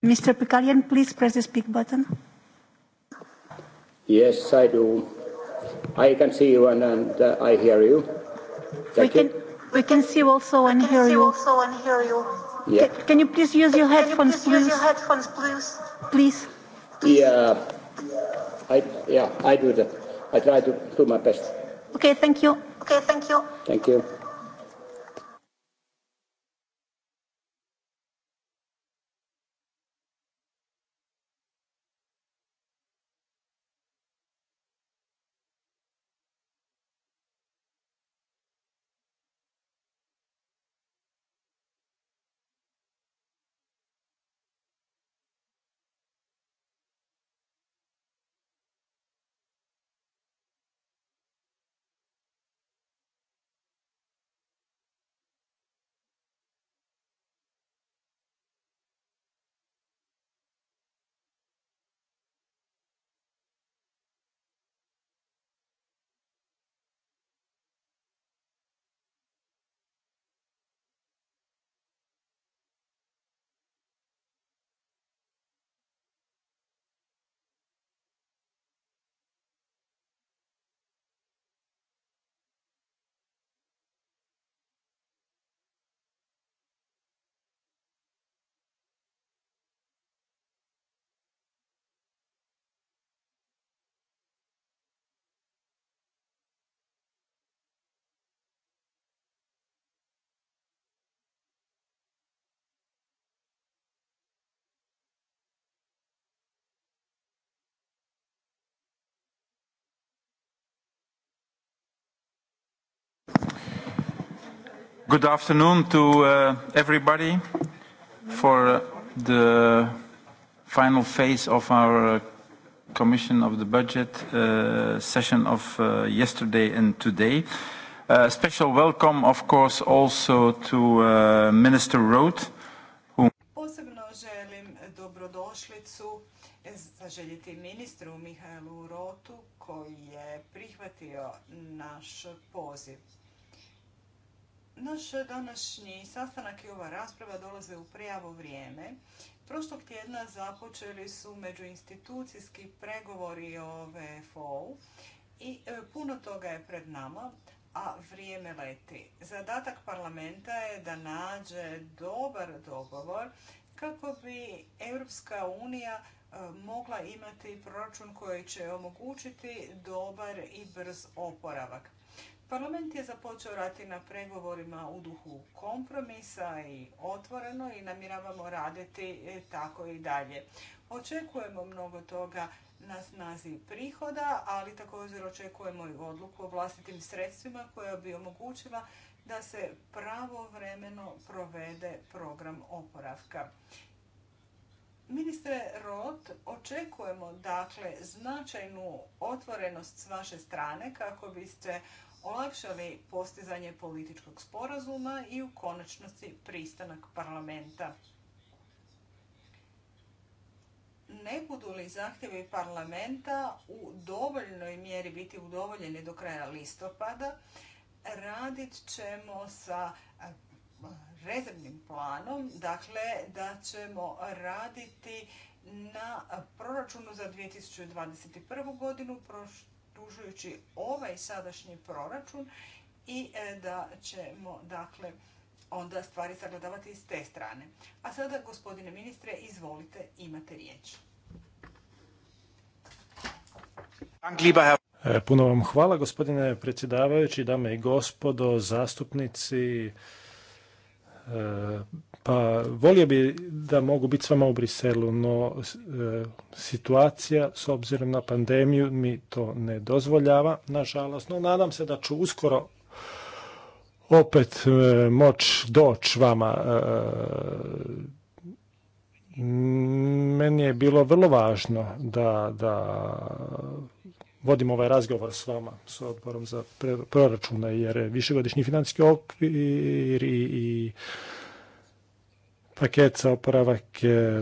Mr. Pekalian, please press the speak button. Yes, I do. I can see you and, and uh, I hear you. we you. can we can see also and hear you. Also and hear you. Yeah. Can, can you please use your headphones, please? please. Please. please. Yeah. I yeah I do that. I try to do my best. Okay, thank you. Okay, thank you. Thank you. Good afternoon to uh, everybody for uh, the final phase of our uh, Commission of the Budget uh, session of uh, yesterday and today. Uh, special welcome, of course, also to uh, Minister Roth. Whom... Posebno želim dobrodošlicu zaželjeti ministru Mihajlu Rotu koji je prihvatio naš poziv. Naš današnji sastanak i ova rasprava dolaze u prijavo vrijeme. Prošlog tjedna započeli su međuinstitucijski pregovori o VFO-u i e, puno toga je pred nama, a vrijeme leti. Zadatak parlamenta je da nađe dobar dogovor kako bi Europska unija e, mogla imati proračun koji će omogućiti dobar i brz oporavak. Parlament je započeo rati na pregovorima u duhu kompromisa i otvoreno i namiravamo raditi e, tako i dalje. Očekujemo mnogo toga na snazi prihoda, ali također očekujemo i odluku o vlastitim sredstvima koja bi omogućila da se pravovremeno provede program oporavka. Ministre Roth, očekujemo dakle značajnu otvorenost s vaše strane kako biste olakšali postizanje političkog sporazuma i u konačnosti pristanak parlamenta. Ne budu li zahtjevi parlamenta u dovoljnoj mjeri biti udovoljeni do kraja listopada, radit ćemo sa rezervnim planom, dakle da ćemo raditi na proračunu za 2021. godinu, optužujući ovaj sadašnji proračun i e, da ćemo dakle onda stvari sagledavati s te strane. A sada, gospodine ministre, izvolite, imate riječ. E, puno vam hvala, gospodine predsjedavajući, dame i gospodo, zastupnici pa volio bi da mogu biti s vama u Briselu, no e, situacija s obzirom na pandemiju mi to ne dozvoljava, nažalost. No, nadam se da ću uskoro opet e, moć doći vama. E, meni je bilo vrlo važno da, da vodim ovaj razgovor s vama, s odborom za proračune, jer višegodišnji financijski okvir i, i paket za oporavak,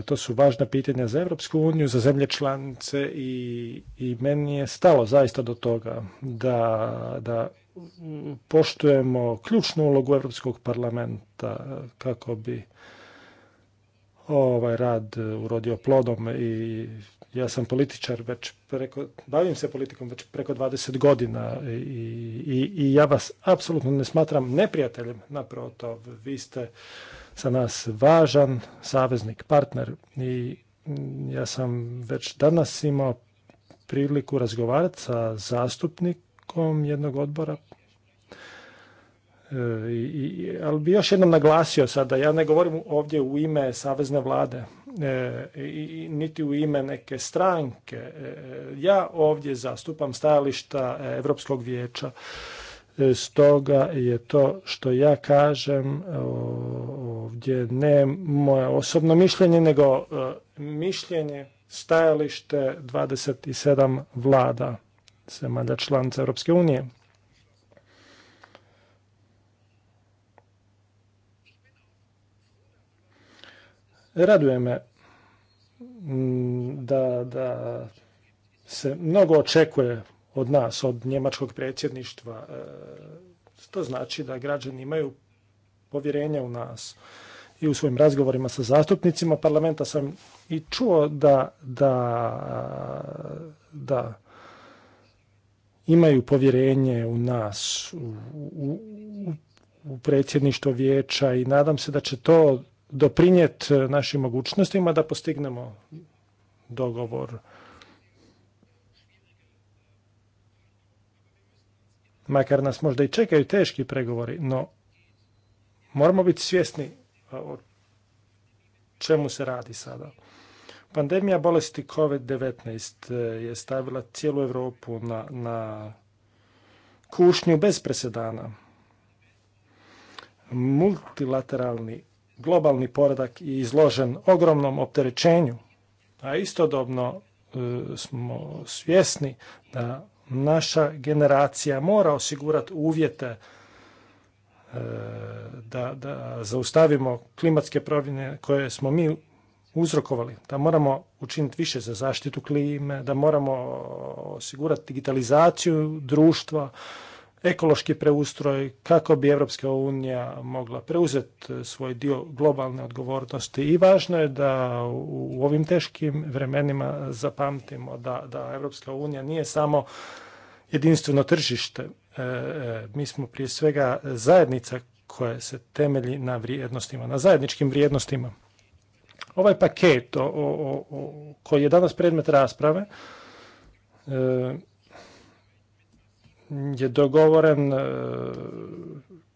to su važna pitanja za Europsku uniju, za zemlje članice i, i meni je stalo zaista do toga da, da poštujemo ključnu ulogu Europskog parlamenta kako bi ovaj rad urodio plodom i ja sam političar već preko, bavim se politikom već preko 20 godina i, i, i ja vas apsolutno ne smatram neprijateljem, naprotiv, vi ste sa nas važan saveznik, partner i ja sam već danas imao priliku razgovarati sa zastupnikom jednog odbora e, i, ali bi još jednom naglasio sada, ja ne govorim ovdje u ime Savezne vlade, E, niti u ime neke stranke. E, ja ovdje zastupam stajališta Europskog vijeća. E, stoga je to što ja kažem ovdje ne moje osobno mišljenje, nego mišljenje stajalište 27 vlada zemalja članica Europske unije. Raduje me mm, da, da se mnogo očekuje od nas, od njemačkog predsjedništva. E, to znači da građani imaju povjerenje u nas i u svojim razgovorima sa zastupnicima parlamenta sam i čuo da, da, da imaju povjerenje u nas, u, u, u predsjedništvo vijeća i nadam se da će to doprinijeti e, našim mogućnostima da postignemo dogovor. Makar nas možda i čekaju teški pregovori, no moramo biti svjesni e, o čemu se radi sada. Pandemija bolesti COVID-19 e, je stavila cijelu Europu na, na kušnju bez presedana. Multilateralni globalni poredak je izložen ogromnom opterećenju, a istodobno e, smo svjesni da naša generacija mora osigurati uvjete e, da, da zaustavimo klimatske promjene koje smo mi uzrokovali, da moramo učiniti više za zaštitu klime, da moramo osigurati digitalizaciju društva, ekološki preustroj, kako bi Europska unija mogla preuzeti svoj dio globalne odgovornosti. I važno je da u ovim teškim vremenima zapamtimo da, da Europska unija nije samo jedinstveno tržište. E, e, mi smo prije svega zajednica koja se temelji na vrijednostima, na zajedničkim vrijednostima. Ovaj paket o, o, o, koji je danas predmet rasprave, e, je dogovoren e,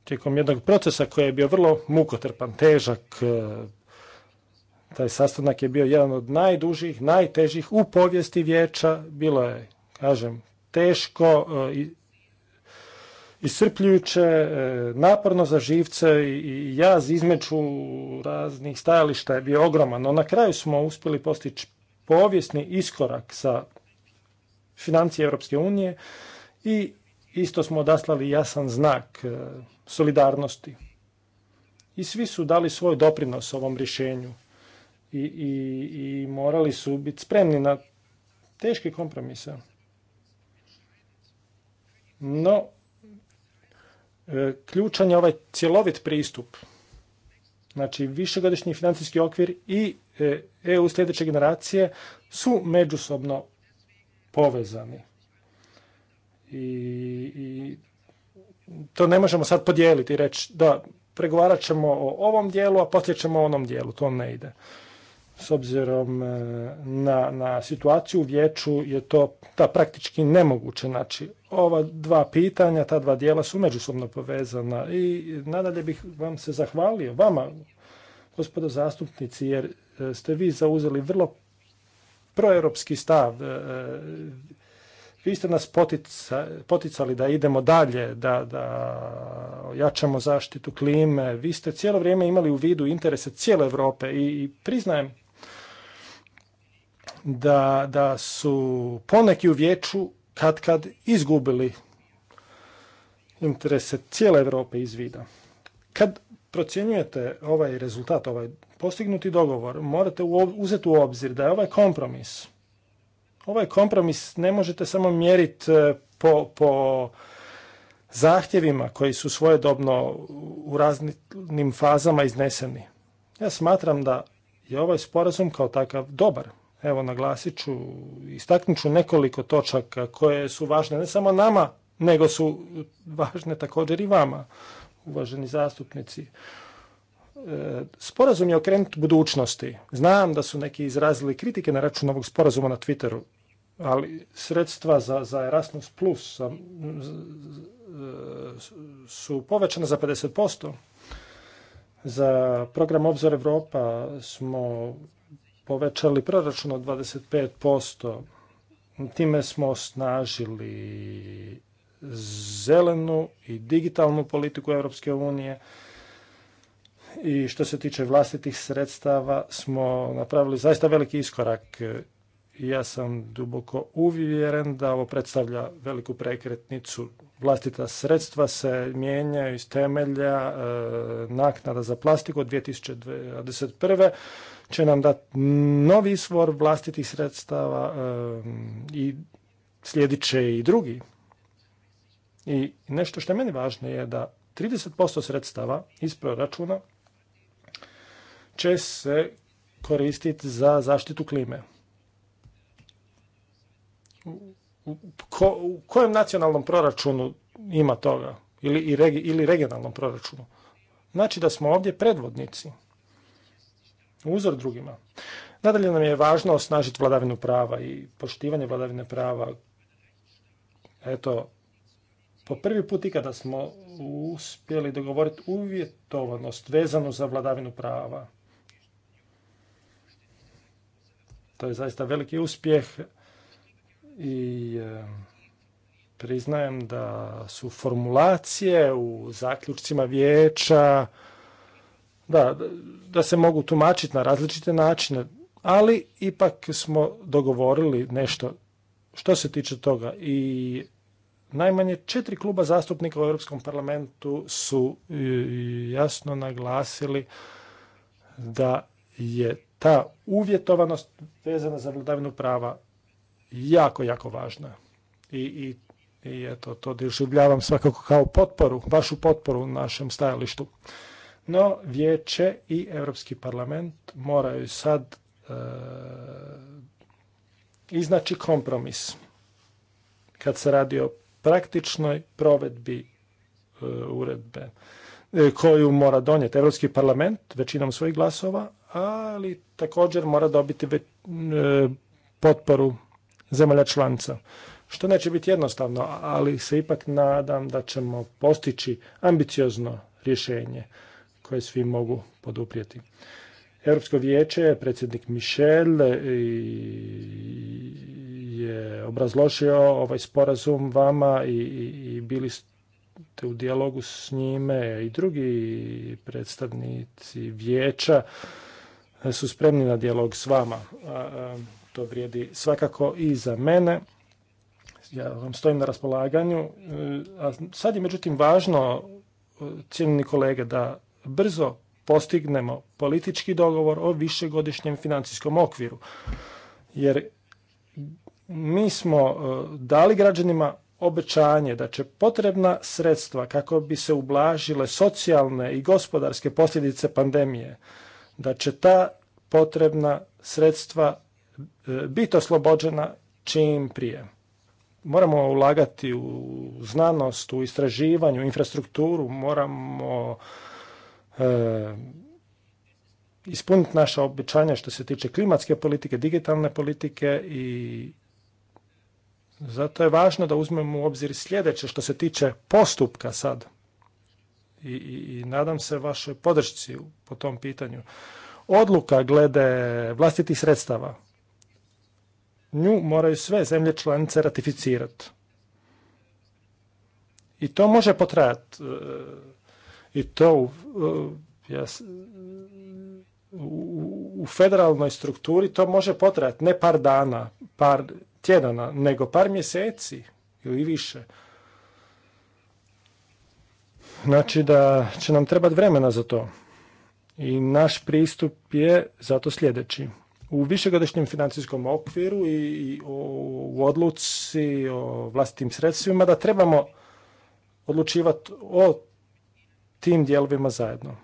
tijekom jednog procesa koji je bio vrlo mukotrpan, težak. E, taj sastanak je bio jedan od najdužih, najtežih u povijesti vijeća. Bilo je, kažem, teško, e, iscrpljujuće, naporno za živce i jaz između raznih stajališta je bio ogroman. No na kraju smo uspjeli postići povijesni iskorak sa financije Europske unije i isto smo odaslali jasan znak e, solidarnosti. I svi su dali svoj doprinos ovom rješenju i, i, i morali su biti spremni na teške kompromise. No, e, ključan je ovaj cjelovit pristup. Znači, višegodišnji financijski okvir i EU e sljedeće generacije su međusobno povezani. I, to ne možemo sad podijeliti i reći da pregovarat ćemo o ovom dijelu, a poslije ćemo o onom dijelu. To ne ide. S obzirom e, na, na situaciju u vijeću je to ta praktički nemoguće. Znači, ova dva pitanja, ta dva dijela su međusobno povezana i nadalje bih vam se zahvalio, vama, gospodo zastupnici, jer e, ste vi zauzeli vrlo proeuropski stav. E, vi ste nas poticali da idemo dalje, da, da jačamo zaštitu klime. Vi ste cijelo vrijeme imali u vidu interese cijele Europe i, i priznajem da, da su poneki u vijeću kad kad izgubili interese cijele Europe iz vida. Kad procjenjujete ovaj rezultat, ovaj postignuti dogovor, morate uzeti u obzir da je ovaj kompromis Ovaj kompromis ne možete samo mjeriti e, po, po zahtjevima koji su svojedobno u raznim fazama izneseni. Ja smatram da je ovaj sporazum kao takav dobar. Evo, naglasit ću, istaknut ću nekoliko točaka koje su važne ne samo nama, nego su važne također i vama, uvaženi zastupnici sporazum je okrenut budućnosti. Znam da su neki izrazili kritike na račun ovog sporazuma na Twitteru, ali sredstva za, za Erasmus Plus su povećana za 50%. Za program Obzor Europa smo povećali proračun od 25%. Time smo osnažili zelenu i digitalnu politiku Europske unije i što se tiče vlastitih sredstava smo napravili zaista veliki iskorak. Ja sam duboko uvjeren da ovo predstavlja veliku prekretnicu. Vlastita sredstva se mijenjaju iz temelja e, naknada za plastiku od 2021 će nam dati novi izvor vlastitih sredstava e, i slijedit će i drugi. I nešto što je meni važno je da 30% sredstava iz proračuna će se koristiti za zaštitu klime. U, kojem nacionalnom proračunu ima toga? Ili, ili regionalnom proračunu? Znači da smo ovdje predvodnici. Uzor drugima. Nadalje nam je važno osnažiti vladavinu prava i poštivanje vladavine prava. Eto, po prvi put ikada smo uspjeli dogovoriti uvjetovanost vezanu za vladavinu prava. To je zaista veliki uspjeh i e, priznajem da su formulacije u zaključcima vijeća da, da se mogu tumačiti na različite načine, ali ipak smo dogovorili nešto što se tiče toga i najmanje četiri kluba zastupnika u Europskom parlamentu su e, jasno naglasili da je ta uvjetovanost vezana za vladavinu prava jako, jako važna. I, i, eto, to doživljavam svakako kao potporu, vašu potporu našem stajalištu. No, vijeće i Europski parlament moraju sad e, iznaći kompromis kad se radi o praktičnoj provedbi e, uredbe e, koju mora donijeti Europski parlament većinom svojih glasova, ali također mora dobiti e, potporu zemalja članica. Što neće biti jednostavno, ali se ipak nadam da ćemo postići ambiciozno rješenje koje svi mogu poduprijeti. Europsko vijeće, predsjednik Michel e, je obrazložio ovaj sporazum vama i, i, i bili ste u dijalogu s njime i drugi predstavnici vijeća su spremni na dijalog s vama. To vrijedi svakako i za mene. Ja vam stojim na raspolaganju. E, a sad je međutim važno, e, cijenjeni kolege, da brzo postignemo politički dogovor o višegodišnjem financijskom okviru. Jer mi smo e, dali građanima obećanje da će potrebna sredstva kako bi se ublažile socijalne i gospodarske posljedice pandemije da će ta potrebna sredstva e, biti oslobođena čim prije. Moramo ulagati u znanost, u istraživanju, u infrastrukturu, moramo e, ispuniti naše obećanja što se tiče klimatske politike, digitalne politike i zato je važno da uzmemo u obzir sljedeće što se tiče postupka sad i, i, nadam se vašoj podršci po tom pitanju. Odluka glede vlastitih sredstava. Nju moraju sve zemlje članice ratificirati. I to može potrajati. E, I to e, u federalnoj strukturi to može potrajati ne par dana, par tjedana, nego par mjeseci ili više. Znači da će nam trebati vremena za to. I naš pristup je zato sljedeći. U višegodišnjem financijskom okviru i u odluci o vlastitim sredstvima da trebamo odlučivati o tim dijelovima zajedno.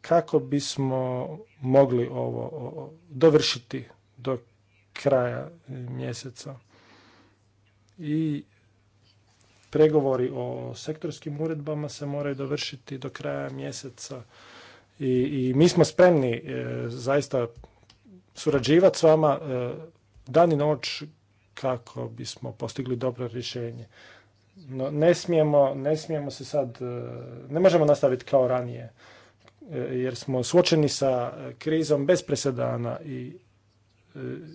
Kako bismo mogli ovo dovršiti do kraja mjeseca. I Pregovori o sektorskim uredbama se moraju dovršiti do kraja mjeseca i, i mi smo spremni e, zaista surađivati s vama e, dan i noć kako bismo postigli dobro rješenje. No, ne smijemo, ne smijemo se sad, e, ne možemo nastaviti kao ranije, e, jer smo suočeni sa krizom bez presedana i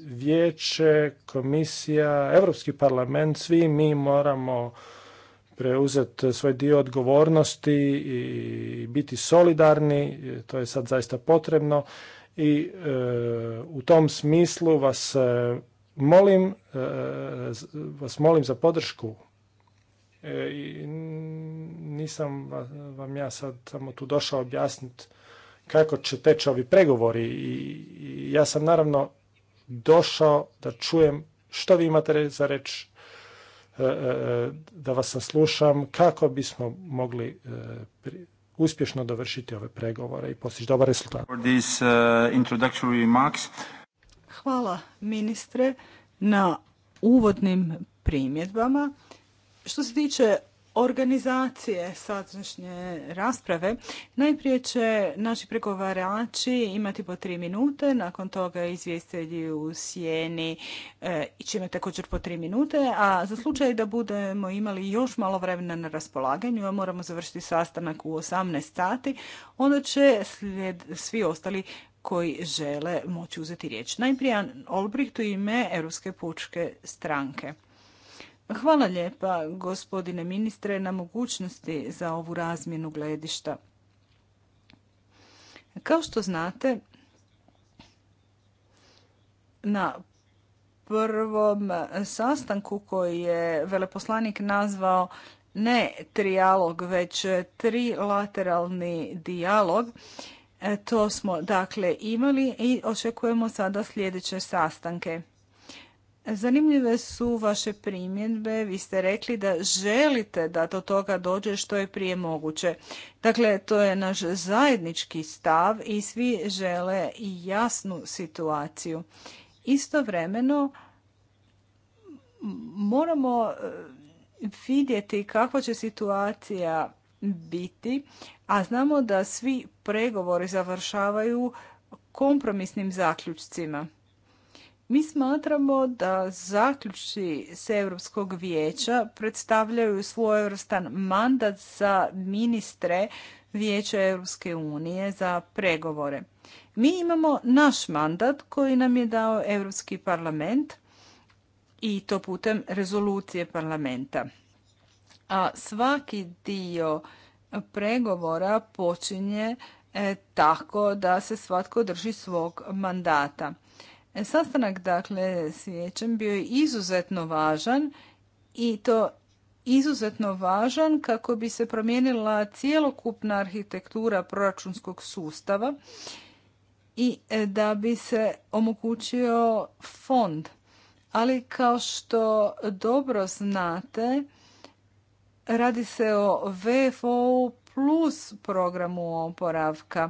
vijeće, komisija, Europski parlament, svi mi moramo preuzeti svoj dio odgovornosti i biti solidarni, to je sad zaista potrebno i e, u tom smislu vas e, molim, e, vas molim za podršku. i nisam vam ja sad samo tu došao objasniti kako će teći ovi pregovori i, i ja sam naravno došao da čujem što vi imate za reći E, e, da vas saslušam kako bismo mogli e, uspješno dovršiti ove pregovore i postići dobar rezultat. Hvala ministre na uvodnim primjedbama. Što se tiče organizacije sadašnje rasprave. Najprije će naši pregovarači imati po tri minute, nakon toga izvjestitelji u sjeni e, će imati također po tri minute, a za slučaj da budemo imali još malo vremena na raspolaganju, a moramo završiti sastanak u 18 sati, onda će slijed, svi ostali koji žele moći uzeti riječ. Najprije Olbricht u ime Europske pučke stranke. Hvala lijepa gospodine ministre na mogućnosti za ovu razmjenu gledišta. Kao što znate, na prvom sastanku koji je veleposlanik nazvao ne trijalog, već trilateralni dijalog, e, to smo dakle imali i očekujemo sada sljedeće sastanke. Zanimljive su vaše primjedbe. Vi ste rekli da želite da do toga dođe što je prije moguće. Dakle, to je naš zajednički stav i svi žele jasnu situaciju. Istovremeno moramo e, vidjeti kakva će situacija biti, a znamo da svi pregovori završavaju kompromisnim zaključcima. Mi smatramo da zaključci s Europskog vijeća predstavljaju svojevrstan mandat za ministre Vijeća Europske unije za pregovore. Mi imamo naš mandat koji nam je dao Europski parlament i to putem rezolucije parlamenta. A svaki dio pregovora počinje e, tako da se svatko drži svog mandata. E, sastanak dakle s bio je izuzetno važan i to izuzetno važan kako bi se promijenila cjelokupna arhitektura proračunskog sustava i e, da bi se omogućio fond. Ali kao što dobro znate, radi se o VFO plus programu oporavka.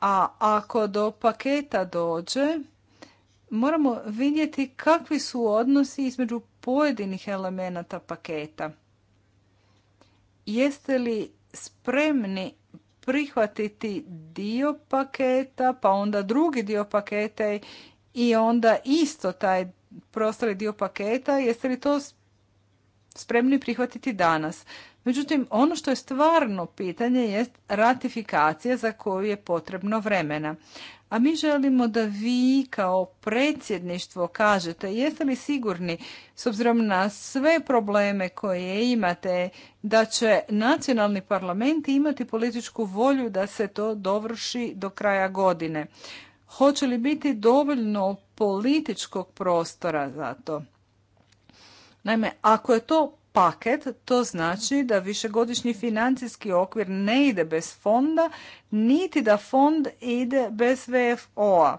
A ako do paketa dođe, moramo vidjeti kakvi su odnosi između pojedinih elemenata paketa. Jeste li spremni prihvatiti dio paketa, pa onda drugi dio paketa i onda isto taj prostali dio paketa, jeste li to spremni prihvatiti danas? Međutim, ono što je stvarno pitanje jest ratifikacija za koju je potrebno vremena. A mi želimo da vi kao predsjedništvo kažete jeste li sigurni s obzirom na sve probleme koje imate da će nacionalni parlament imati političku volju da se to dovrši do kraja godine. Hoće li biti dovoljno političkog prostora za to? Naime, ako je to paket, to znači da višegodišnji financijski okvir ne ide bez fonda, niti da fond ide bez VFO-a.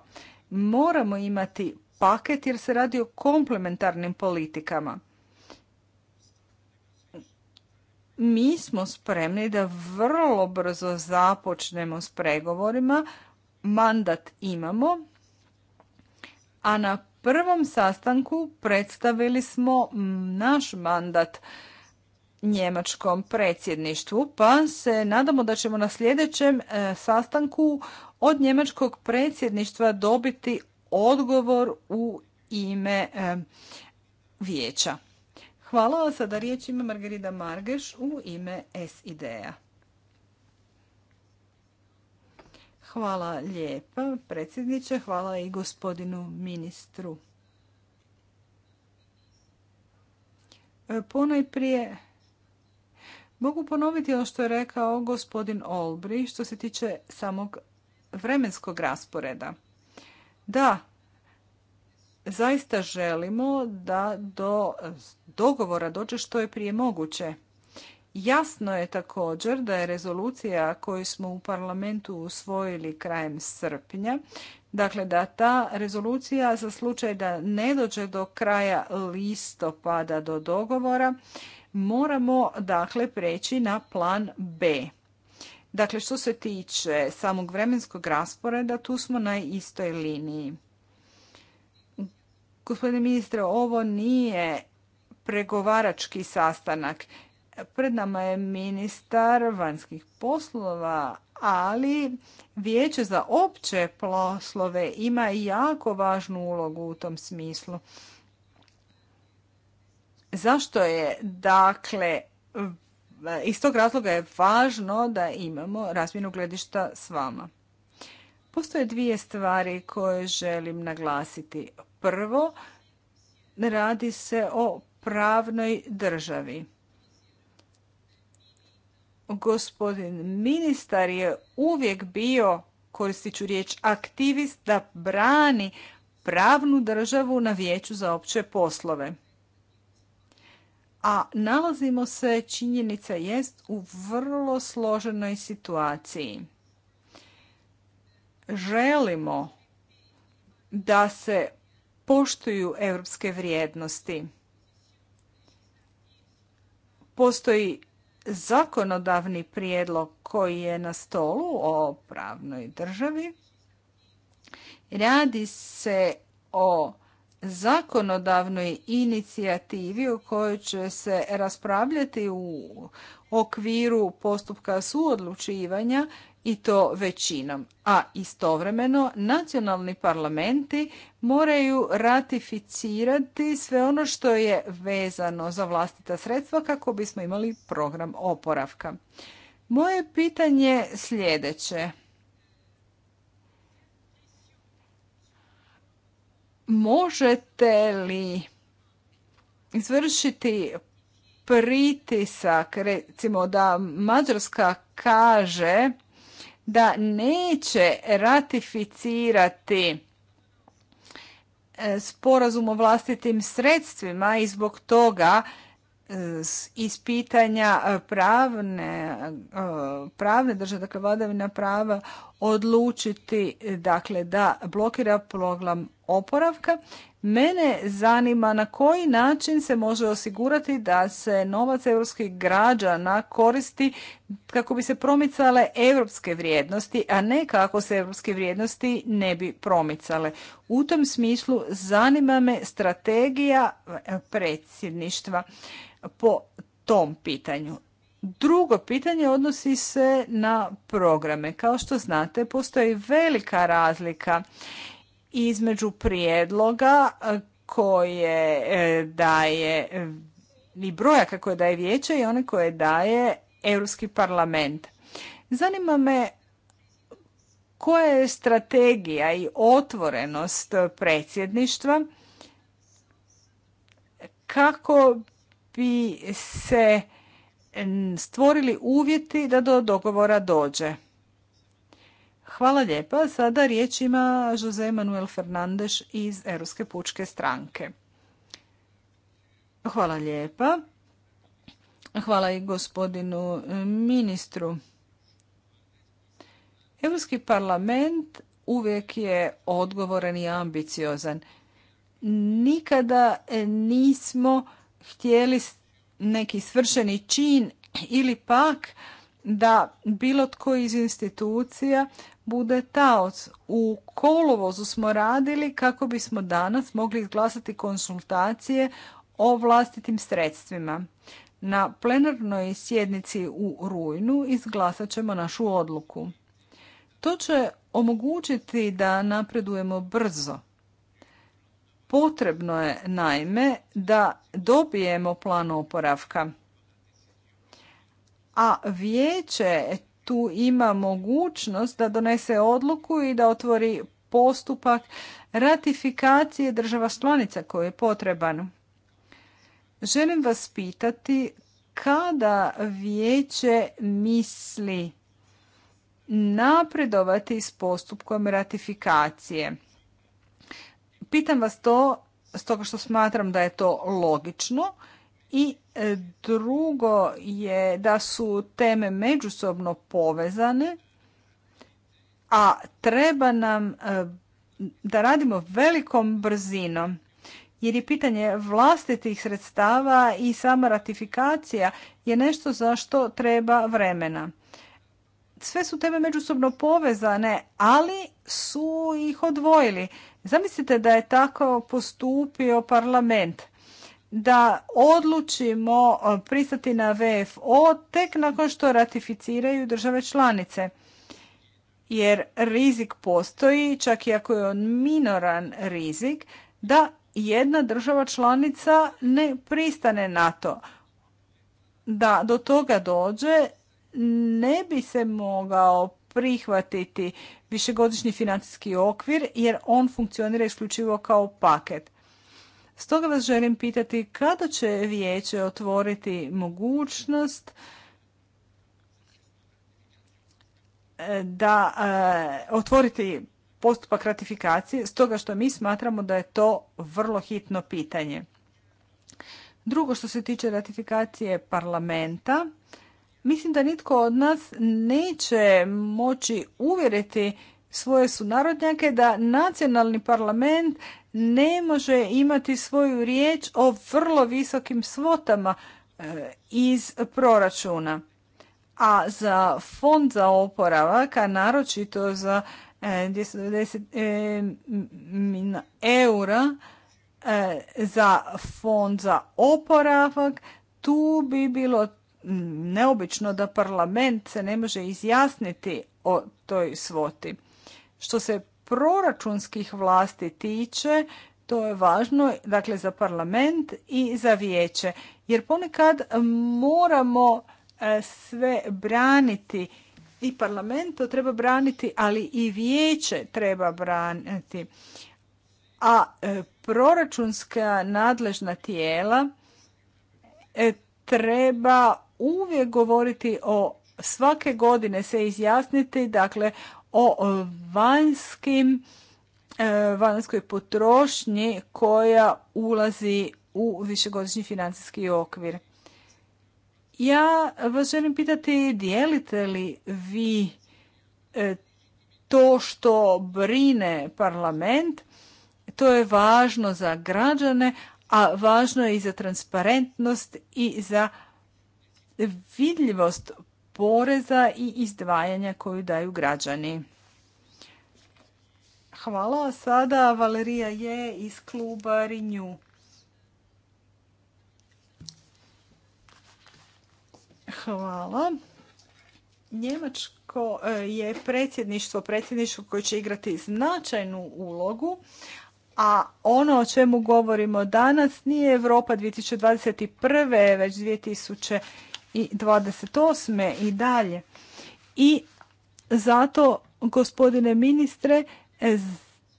Moramo imati paket jer se radi o komplementarnim politikama. Mi smo spremni da vrlo brzo započnemo s pregovorima. Mandat imamo, a na prvom sastanku predstavili smo naš mandat njemačkom predsjedništvu, pa se nadamo da ćemo na sljedećem e, sastanku od njemačkog predsjedništva dobiti odgovor u ime e, vijeća. Hvala vam sada riječ ima Margarida Margeš u ime SID-a. Hvala lijepa predsjedniče, hvala i gospodinu ministru. E, prije, mogu ponoviti ono što je rekao gospodin Olbri što se tiče samog vremenskog rasporeda. Da, zaista želimo da do dogovora dođe što je prije moguće. Jasno je također da je rezolucija koju smo u parlamentu usvojili krajem srpnja, dakle da ta rezolucija za slučaj da ne dođe do kraja listopada do dogovora, moramo dakle preći na plan B. Dakle, što se tiče samog vremenskog rasporeda, tu smo na istoj liniji. Gospodine ministre, ovo nije pregovarački sastanak. Pred nama je ministar vanjskih poslova, ali vijeće za opće poslove ima jako važnu ulogu u tom smislu. Zašto je, dakle, iz tog razloga je važno da imamo razmjenu gledišta s vama. Postoje dvije stvari koje želim naglasiti. Prvo, radi se o pravnoj državi. Gospodin ministar je uvijek bio, koristit ću riječ, aktivist da brani pravnu državu na vijeću za opće poslove. A nalazimo se, činjenica jest, u vrlo složenoj situaciji. Želimo da se poštuju europske vrijednosti. Postoji zakonodavni prijedlog koji je na stolu o pravnoj državi. Radi se o zakonodavnoj inicijativi u kojoj će se raspravljati u okviru postupka suodlučivanja i to većinom, a istovremeno nacionalni parlamenti moraju ratificirati sve ono što je vezano za vlastita sredstva kako bismo imali program oporavka. Moje pitanje sljedeće. Možete li izvršiti pritisak, recimo da Mađarska kaže da neće ratificirati e, sporazum o vlastitim sredstvima i zbog toga e, iz pitanja e, pravne, pravne države, dakle vladavina prava odlučiti dakle, da blokira program oporavka. Mene zanima na koji način se može osigurati da se novac europskih građana koristi kako bi se promicale europske vrijednosti, a ne kako se europske vrijednosti ne bi promicale. U tom smislu zanima me strategija predsjedništva po tom pitanju. Drugo pitanje odnosi se na programe. Kao što znate, postoji velika razlika između prijedloga eh, koje eh, daje i brojaka koje daje vijeće i one koje daje Europski parlament. Zanima me koja je strategija i otvorenost predsjedništva kako bi se stvorili uvjeti da do dogovora dođe. Hvala lijepa. Sada riječ ima Jose Manuel Fernandez iz Europske pučke stranke. Hvala lijepa. Hvala i gospodinu ministru. Europski parlament uvijek je odgovoran i ambiciozan. Nikada nismo htjeli neki svršeni čin ili pak da bilo tko iz institucija bude taoc. U kolovozu smo radili kako bismo danas mogli izglasati konsultacije o vlastitim sredstvima. Na plenarnoj sjednici u rujnu izglasat ćemo našu odluku. To će omogućiti da napredujemo brzo Potrebno je najme da dobijemo plan oporavka. A vijeće tu ima mogućnost da donese odluku i da otvori postupak ratifikacije država članica koji je potreban. Želim vas pitati kada vijeće misli napredovati s postupkom ratifikacije. Pitam vas to stoga što smatram da je to logično i e, drugo je da su teme međusobno povezane, a treba nam e, da radimo velikom brzinom jer je pitanje vlastitih sredstava i sama ratifikacija je nešto za što treba vremena sve su teme međusobno povezane, ali su ih odvojili. Zamislite da je tako postupio parlament da odlučimo e, pristati na VFO tek nakon što ratificiraju države članice. Jer rizik postoji, čak i ako je on minoran rizik, da jedna država članica ne pristane na to. Da do toga dođe ne bi se mogao prihvatiti višegodišnji financijski okvir jer on funkcionira isključivo kao paket. Stoga vas želim pitati kada će vijeće otvoriti mogućnost e, da e, otvoriti postupak ratifikacije, stoga što mi smatramo da je to vrlo hitno pitanje. Drugo što se tiče ratifikacije parlamenta, Mislim da nitko od nas neće moći uvjeriti svoje sunarodnjake da nacionalni parlament ne može imati svoju riječ o vrlo visokim svotama e, iz proračuna. A za fond za oporavak, a naročito za 290 e, e, eura za fond za oporavak, tu bi bilo neobično da parlament se ne može izjasniti o toj svoti. Što se proračunskih vlasti tiče, to je važno dakle, za parlament i za vijeće. Jer ponekad moramo e, sve braniti i parlament to treba braniti, ali i vijeće treba braniti. A e, proračunska nadležna tijela e, treba uvijek govoriti o svake godine se izjasniti dakle o vanjskim e, vanjskoj potrošnji koja ulazi u višegodišnji financijski okvir. Ja vas želim pitati dijelite li vi e, to što brine parlament, to je važno za građane, a važno je i za transparentnost i za vidljivost poreza i izdvajanja koju daju građani. Hvala. Sada Valerija je iz kluba RINJU. Hvala. Njemačko e, je predsjedništvo, predsjedništvo koje će igrati značajnu ulogu, a ono o čemu govorimo danas nije Europa 2021. već i 28. i dalje. I zato, gospodine ministre,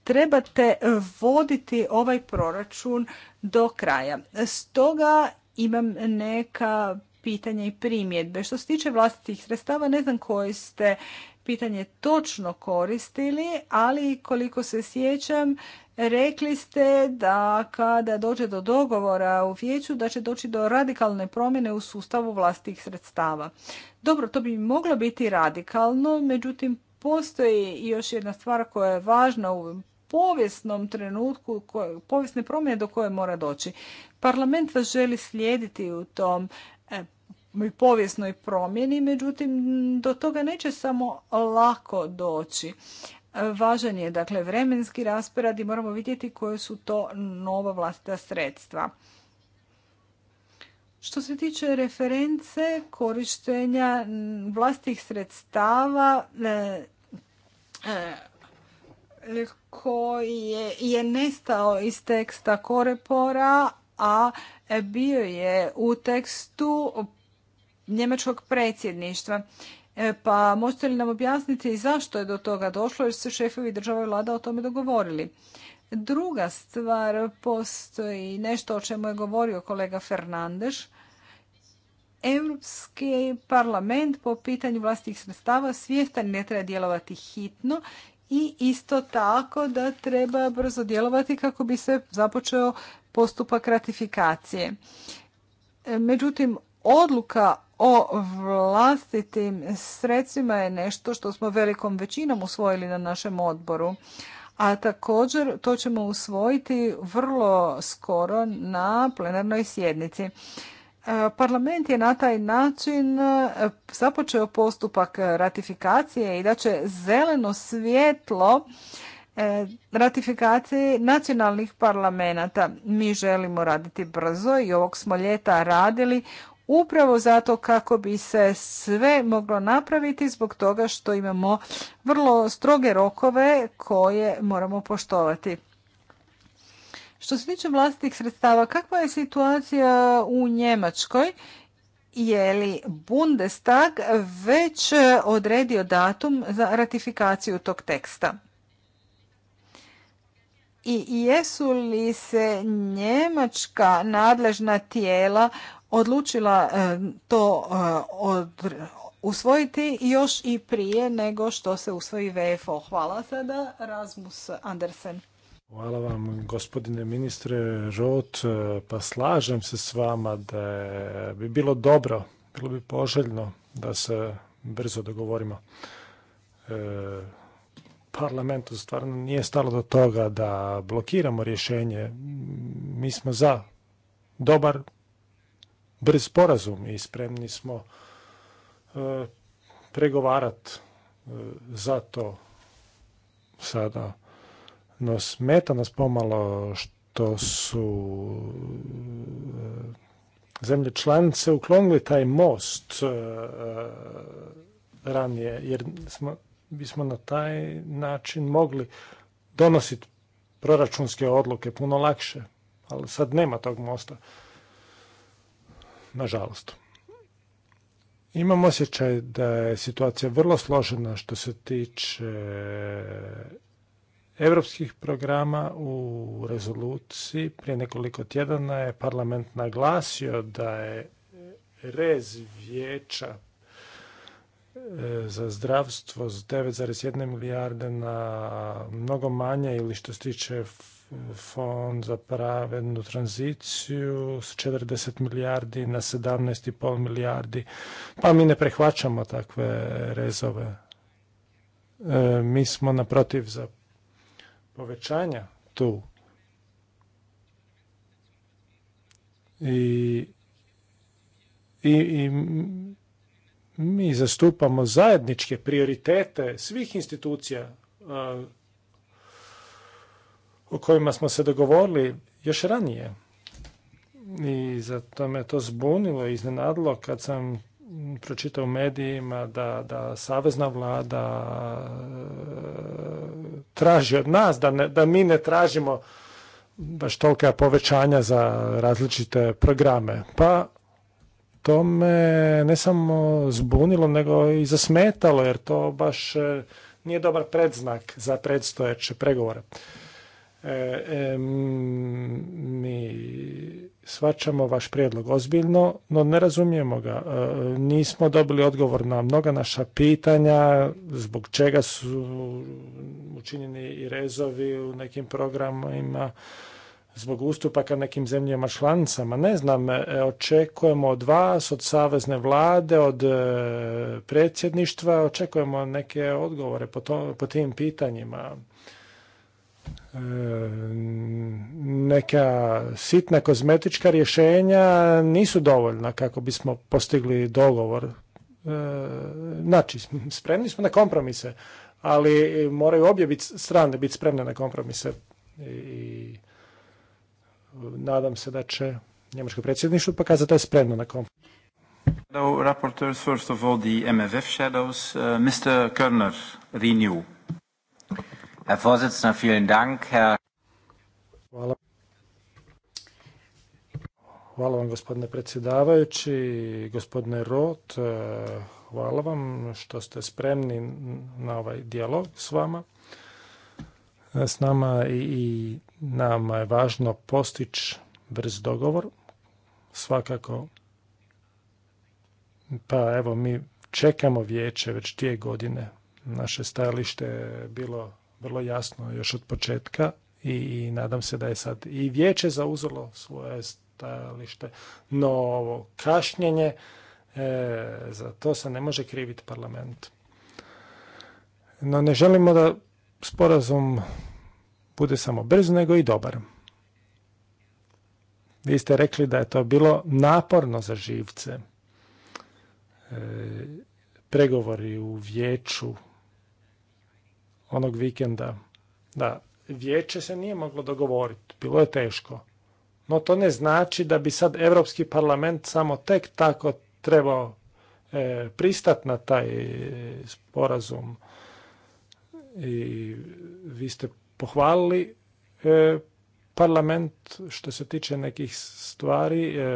trebate voditi ovaj proračun do kraja. Stoga imam neka pitanja i primjedbe. Što se tiče vlastitih sredstava, ne znam koje ste pitanje točno koristili, ali koliko se sjećam, Rekli ste da kada dođe do dogovora u vijeću da će doći do radikalne promjene u sustavu vlastitih sredstava. Dobro, to bi moglo biti radikalno, međutim postoji još jedna stvar koja je važna u povijesnom trenutku, povijesne promjene do koje mora doći. Parlament vas želi slijediti u tom i e, povijesnoj promjeni, međutim do toga neće samo lako doći. Važan je dakle vremenski raspored i moramo vidjeti koje su to nova vlastita sredstva. Što se tiče reference korištenja vlastih sredstava eh, eh, koji je, je nestao iz teksta Korepora, a bio je u tekstu njemačkog predsjedništva. E, pa možete li nam objasniti zašto je do toga došlo jer su šefovi država i vlada o tome dogovorili? Druga stvar, postoji nešto o čemu je govorio kolega Fernandeš. Europski parlament po pitanju vlastitih sredstava svjestan ne treba djelovati hitno i isto tako da treba brzo djelovati kako bi se započeo postupak ratifikacije. E, međutim, odluka o vlastitim sredstvima je nešto što smo velikom većinom usvojili na našem odboru. A također to ćemo usvojiti vrlo skoro na plenarnoj sjednici. E, parlament je na taj način e, započeo postupak ratifikacije i da će zeleno svjetlo e, ratifikacije nacionalnih parlamenata. Mi želimo raditi brzo i ovog smo ljeta radili upravo zato kako bi se sve moglo napraviti zbog toga što imamo vrlo stroge rokove koje moramo poštovati. Što se tiče vlastitih sredstava, kakva je situacija u Njemačkoj? Je li Bundestag već odredio datum za ratifikaciju tog teksta? I jesu li se njemačka nadležna tijela odlučila e, to e, usvojiti još i prije nego što se usvoji VFO. Hvala sada, Rasmus Andersen. Hvala vam, gospodine ministre Žot. E, pa slažem se s vama da bi bilo dobro, bilo bi poželjno da se brzo dogovorimo. parlamentu stvarno nije stalo do toga da blokiramo rješenje. Mi smo za dobar brz sporazum i spremni smo e, pregovarati e, za to sada. No smeta nas pomalo što su e, zemlje članice uklonili taj most ranije, jer smo, bismo na taj način mogli donositi proračunske odluke puno lakše, ali sad nema tog mosta nažalost. Imam osjećaj da je situacija vrlo složena što se tiče europskih programa u rezoluciji. Prije nekoliko tjedana je parlament naglasio da je rez vijeća e, za zdravstvo s 9,1 milijarde na mnogo manje ili što se tiče fond za pravednu tranziciju s 40 milijardi na 17,5 milijardi. Pa mi ne prehvaćamo takve rezove. E, mi smo naprotiv za povećanja tu. I, i, mi zastupamo zajedničke prioritete svih institucija o kojima smo se dogovorili još ranije. I zato me to zbunilo i iznenadilo kad sam pročitao u medijima da, da savezna vlada e, traži od nas, da, da mi ne tražimo baš tolika povećanja za različite programe. Pa to me ne samo zbunilo, nego i zasmetalo, jer to baš e, nije dobar predznak za predstojeće pregovore. E, mi svačamo vaš prijedlog ozbiljno, no ne razumijemo ga. E, nismo dobili odgovor na mnoga naša pitanja, zbog čega su učinjeni i rezovi u nekim programima, zbog ustupaka nekim zemljama članicama. Ne znam, e, očekujemo od vas, od savezne vlade, od e, predsjedništva, očekujemo neke odgovore po, to, po tim pitanjima Ehm, neka sitna kozmetička rješenja nisu dovoljna kako bismo postigli dogovor. Ehm, znači, spremni smo na kompromise, ali moraju obje biti strane biti spremne na kompromise. I nadam se da će njemačko predsjedništvo pokazati da je spremno na kompromise. Rapporteurs, MFF shadows, uh, Mr. Renew. Hvala. vam gospodine predsjedavajući, gospodine Rot, eh, hvala vam što ste spremni na ovaj dijalog s vama. Eh, s nama i nama je važno postići brz dogovor, svakako. Pa evo, mi čekamo vijeće već dvije godine. Naše stajalište je bilo vrlo jasno još od početka i nadam se da je sad i vijeće zauzelo svoje stajalište. No ovo kašnjenje, e, za to se ne može kriviti parlament. No ne želimo da sporazum bude samo brz, nego i dobar. Vi ste rekli da je to bilo naporno za živce. E, pregovori u vijeću onog vikenda. Da, vijeće se nije moglo dogovoriti, bilo je teško. No to ne znači da bi sad Europski parlament samo tek tako trebao e, pristat na taj sporazum. I vi ste pohvalili e, parlament što se tiče nekih stvari. E,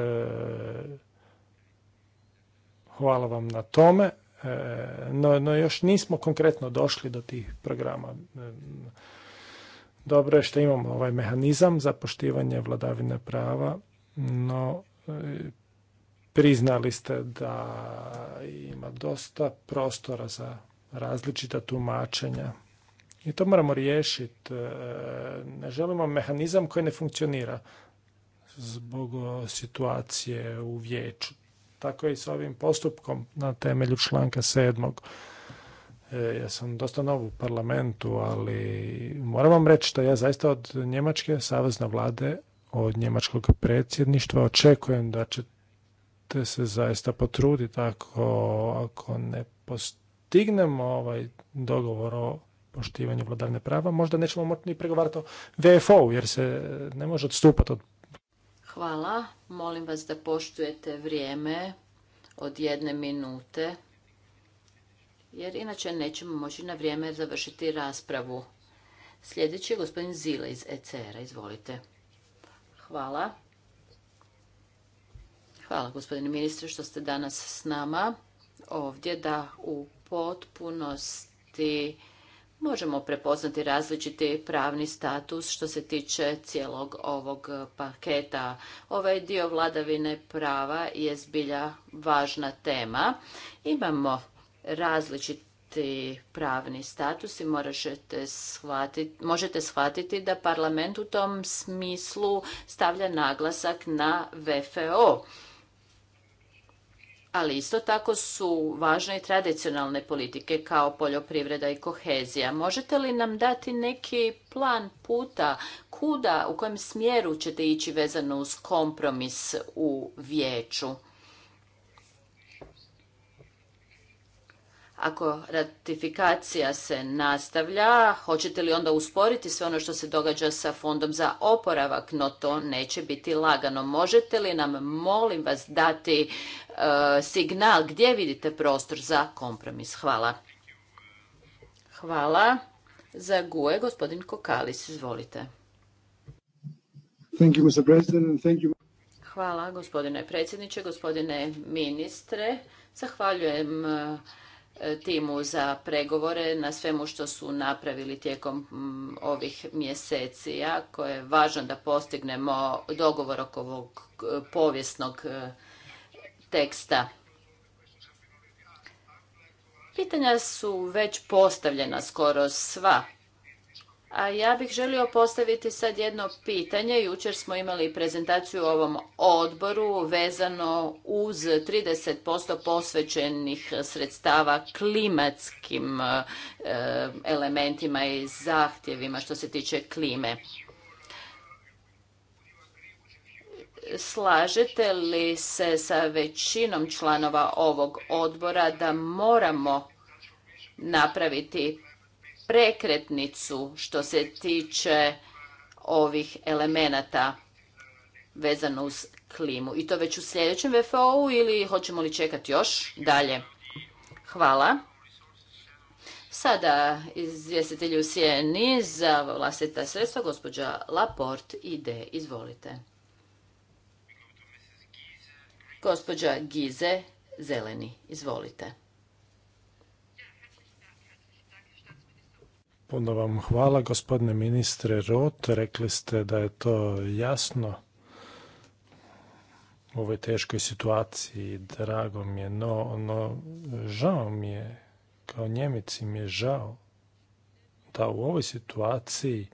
hvala vam na tome. E, no, još nismo konkretno došli do tih programa. E, dobro je što imamo ovaj mehanizam za poštivanje vladavine prava, no e, priznali ste da ima dosta prostora za različita tumačenja. I to moramo riješiti. Ne želimo mehanizam koji ne funkcionira zbog situacije u vijeću tako i s ovim postupkom na temelju članka sedmog. E, ja sam dosta nov u parlamentu, ali moram vam reći da ja zaista od njemačke savezne vlade, od njemačkog predsjedništva očekujem da ćete se zaista potruditi ako, ako ne postignemo ovaj dogovor o poštivanju vladavne prava, možda nećemo moći ni pregovarati o VFO-u jer se ne može odstupati od Hvala. Molim vas da poštujete vrijeme od jedne minute, jer inače nećemo moći na vrijeme završiti raspravu. Sljedeći je gospodin Zile iz ECR-a. Izvolite. Hvala. Hvala gospodine ministre što ste danas s nama ovdje da u potpunosti možemo prepoznati različiti pravni status što se tiče cijelog ovog paketa. Ovaj dio vladavine prava je zbilja važna tema. Imamo različiti pravni status i možete shvatiti, možete shvatiti da parlament u tom smislu stavlja naglasak na VFO ali isto tako su važne i tradicionalne politike kao poljoprivreda i kohezija. Možete li nam dati neki plan puta kuda, u kojem smjeru ćete ići vezano uz kompromis u vijeću? Ako ratifikacija se nastavlja, hoćete li onda usporiti sve ono što se događa sa fondom za oporavak, no to neće biti lagano. Možete li nam, molim vas, dati e, signal gdje vidite prostor za kompromis? Hvala. Hvala. Za guje. gospodin Kokalis, izvolite. Thank you, Mr. Thank you. Hvala, gospodine predsjedniče, gospodine ministre. Zahvaljujem E, timu za pregovore na svemu što su napravili tijekom mm, ovih mjeseci. Jako je važno da postignemo dogovor oko ovog e, povijesnog e, teksta. Pitanja su već postavljena skoro sva a ja bih želio postaviti sad jedno pitanje. Jučer smo imali prezentaciju u ovom odboru vezano uz 30% posvećenih sredstava klimatskim e, elementima i zahtjevima što se tiče klime. Slažete li se sa većinom članova ovog odbora da moramo napraviti prekretnicu što se tiče ovih elemenata vezano uz klimu. I to već u sljedećem VFO-u ili hoćemo li čekati još dalje? Hvala. Sada izvjestitelju u za vlastita sredstva, gospođa Laport ide. Izvolite. Gospođa Gize Zeleni, izvolite. Puno vam hvala, gospodine ministre Rot. Rekli ste da je to jasno u ovoj teškoj situaciji. Drago mi je, no, žao mi je, kao njemici mi je žao da u ovoj situaciji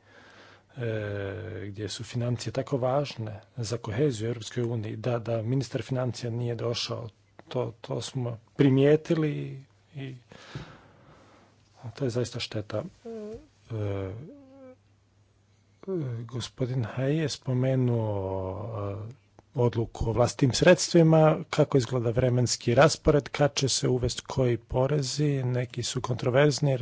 e, gdje su financije tako važne za koheziju EU, da, da ministar financija nije došao. To, to smo primijetili i to je zaista šteta. E, e, gospodin Haj je spomenuo e, odluku o vlastim sredstvima, kako izgleda vremenski raspored, kad će se uvesti koji porezi, neki su kontroverzni,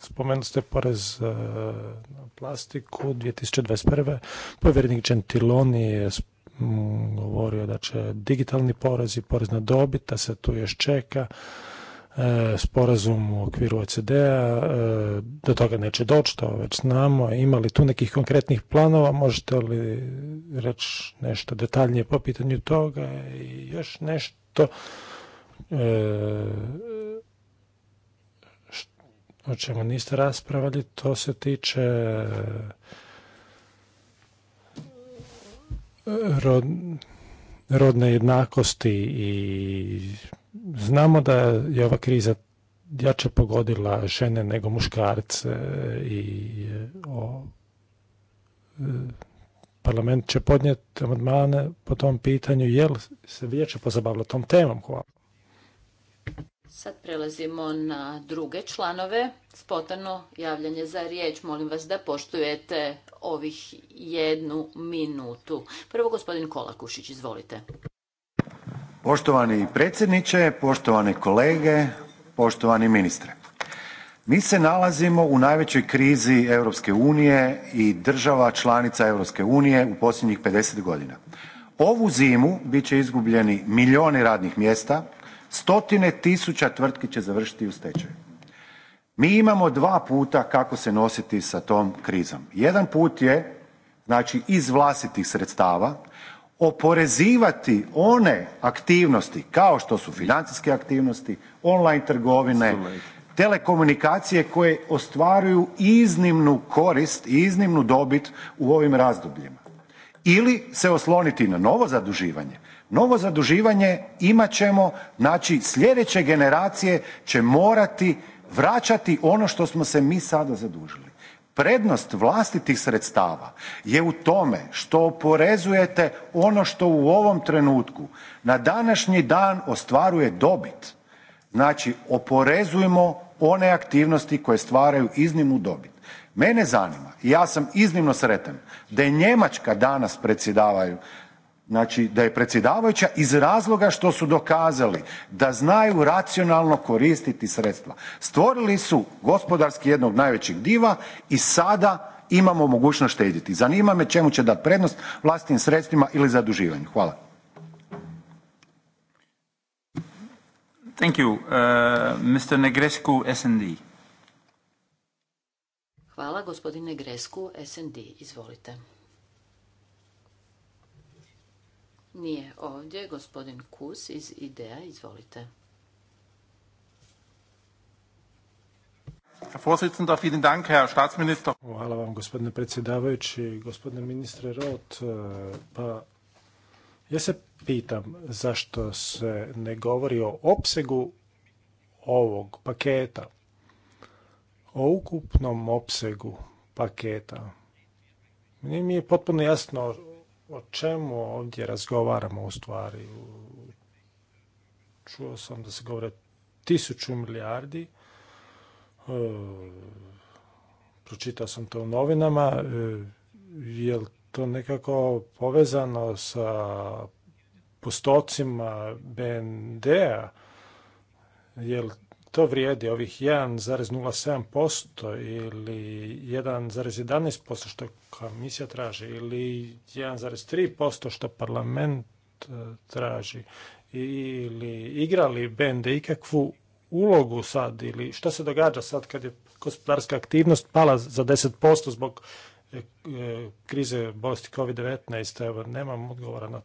spomenuli ste porez na plastiku 2021. Povjerenik Gentiloni je govorio da će digitalni porezi, i porez na dobit, da se tu još čeka. E, sporazum u okviru OCD-a, e, do toga neće doći, to već znamo. Ima li tu nekih konkretnih planova, možete li reći nešto detaljnije po pitanju toga i još nešto e, o čemu niste raspravili, to se tiče rodne jednakosti i Znamo da je ova kriza jače pogodila žene nego muškarce i o, parlament će podnijeti amandmane po tom pitanju. Je se vijeće pozabavilo tom temom? Hvala. Sad prelazimo na druge članove. Spotano javljanje za riječ. Molim vas da poštujete ovih jednu minutu. Prvo gospodin Kolakušić, izvolite. Poštovani predsjedniče, poštovane kolege, poštovani ministre. Mi se nalazimo u najvećoj krizi EU i država članica EU u posljednjih 50 godina. Ovu zimu bit će izgubljeni milijuni radnih mjesta, stotine tisuća tvrtki će završiti u stečaju. Mi imamo dva puta kako se nositi sa tom krizom. Jedan put je znači iz vlastitih sredstava oporezivati one aktivnosti kao što su financijske aktivnosti, online trgovine, telekomunikacije koje ostvaruju iznimnu korist i iznimnu dobit u ovim razdobljima ili se osloniti na novo zaduživanje. Novo zaduživanje imat ćemo, znači sljedeće generacije će morati vraćati ono što smo se mi sada zadužili. Prednost vlastitih sredstava je u tome što oporezujete ono što u ovom trenutku na današnji dan ostvaruje dobit. Znači oporezujemo one aktivnosti koje stvaraju iznimnu dobit. Mene zanima i ja sam iznimno sretan da je Njemačka danas predsjedavaju znači da je predsjedavajuća iz razloga što su dokazali da znaju racionalno koristiti sredstva. Stvorili su gospodarski jednog najvećeg diva i sada imamo mogućnost štediti. Zanima me čemu će dati prednost, vlastitim sredstvima ili zaduživanju? Hvala. Thank you. Uh, Mr. SND. Hvala, gospodine SND. Izvolite. Nije ovdje. Gospodin Kus iz IDEA, izvolite. Hvala vam gospodine predsjedavajući, gospodine ministre Roth. Eh, pa ja se pitam zašto se ne govori o opsegu ovog paketa, o ukupnom opsegu paketa. Nije mi je potpuno jasno o čemu ovdje razgovaramo u stvari. Čuo sam da se govore tisuću milijardi. E, pročitao sam to u novinama. E, je li to nekako povezano sa postocima BND-a? Je li to vrijedi, ovih 1,07% ili 1,11% što komisija traži ili 1,3% što parlament e, traži ili igrali BND ikakvu ulogu sad ili što se događa sad kad je gospodarska aktivnost pala za 10% zbog e, e, krize bolesti COVID-19, evo, nemam odgovora na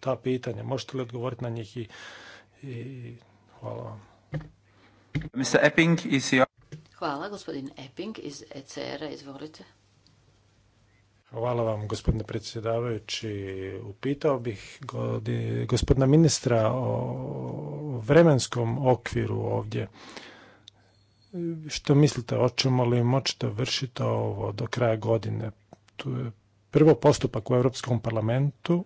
ta pitanja. Možete li odgovoriti na njih i hvala vam. Hvala, gospodin Epping iz ECR-a, izvolite. Hvala vam, gospodine predsjedavajući. Upitao bih gospodina ministra o vremenskom okviru ovdje. Što mislite, hoćemo li moći da vršiti ovo do kraja godine? Tu je prvo postupak u Europskom parlamentu,